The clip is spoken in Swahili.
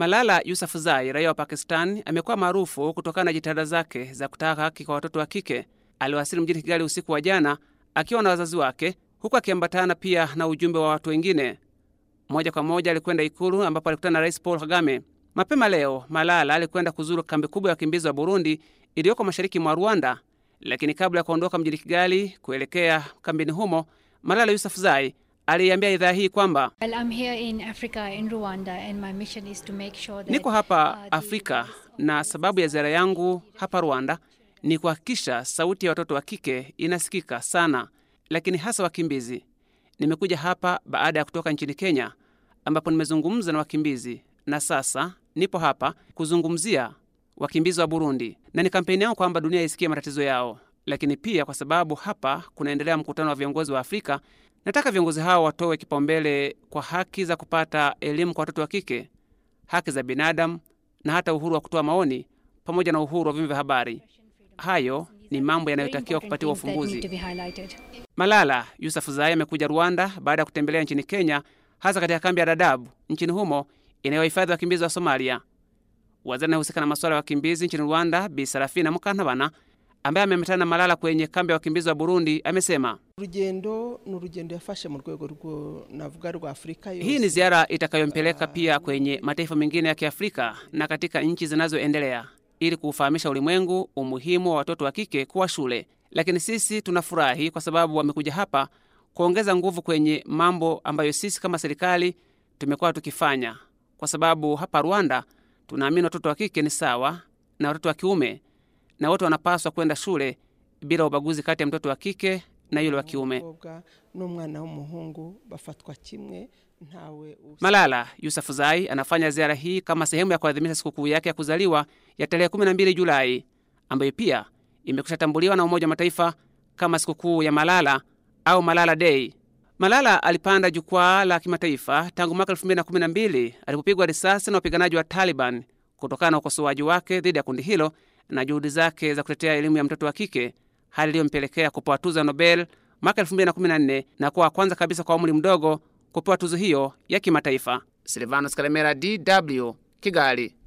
Malala Yousafzai, raia wa Pakistani, amekuwa maarufu kutokana na jitihada zake za kutaka haki kwa watoto wa kike. Aliwasili mjini Kigali usiku wa jana akiwa na wazazi wake, huku akiambatana pia na ujumbe wa watu wengine. Moja kwa moja alikwenda Ikulu ambapo alikutana na Rais Paul Kagame. Mapema leo, Malala alikwenda kuzuru kambi kubwa ya wakimbizi wa Burundi iliyoko mashariki mwa Rwanda, lakini kabla ya kuondoka mjini Kigali kuelekea kambini humo, Malala Yousafzai aliiambia idhaa hii kwamba niko hapa uh, Afrika na sababu ya ziara yangu hapa Rwanda ni kuhakikisha sauti ya watoto wa kike inasikika sana, lakini hasa wakimbizi. Nimekuja hapa baada ya kutoka nchini Kenya ambapo nimezungumza na wakimbizi, na sasa nipo hapa kuzungumzia wakimbizi wa Burundi, na ni kampeni yao kwamba dunia isikie matatizo yao, lakini pia kwa sababu hapa kunaendelea mkutano wa viongozi wa Afrika Nataka viongozi hao watowe kipaumbele kwa haki za kupata elimu kwa watoto wa kike, haki za binadamu na hata uhuru wa kutoa maoni pamoja na uhuru wa vyombo vya habari. Hayo ni mambo yanayotakiwa kupatiwa ufumbuzi. Malala yusafuzai amekuja Rwanda baada ya kutembelea nchini Kenya, hasa katika kambi ya Dadaab nchini humo inayohifadhi wakimbizi wa Somalia. Waziri anayehusika na masuala ya wakimbizi nchini Rwanda Bi Sarafina Mukantabana ambaye amemetana na Malala kwenye kambi ya wakimbizi wa Burundi amesema Rugendo, yafashe mu rwego rwo navuga rwa Afrika yose. Hii ni ziara itakayompeleka pia kwenye mataifa mengine ya Kiafrika na katika nchi zinazoendelea ili kuufahamisha ulimwengu umuhimu wa watoto wa kike kuwa shule. Lakini sisi tunafurahi kwa sababu wamekuja hapa kuongeza nguvu kwenye mambo ambayo sisi kama serikali tumekuwa tukifanya, kwa sababu hapa Rwanda tunaamini watoto wa kike ni sawa na watoto wa kiume na wote wanapaswa kwenda shule bila ubaguzi kati ya mtoto wa kike na yule wa kiume. Malala yusafuzai anafanya ziara hii kama sehemu ya kuadhimisha sikukuu yake ya kuzaliwa ya tarehe 12 Julai, ambayo pia imekusha tambuliwa na Umoja wa Mataifa kama sikukuu ya Malala au Malala Day. Malala alipanda jukwaa la kimataifa tangu mwaka 2012 alipopigwa risasi na wapiganaji wa Taliban kutokana na ukosoaji wake dhidi ya kundi hilo na juhudi zake za kutetea elimu ya mtoto wa kike, hali iliyompelekea kupewa tuzo Nobel mwaka 2014 na kuwa wa kwanza kabisa kwa umri mdogo kupewa tuzo hiyo ya kimataifa. Silvanos kalemera DW, Kigali.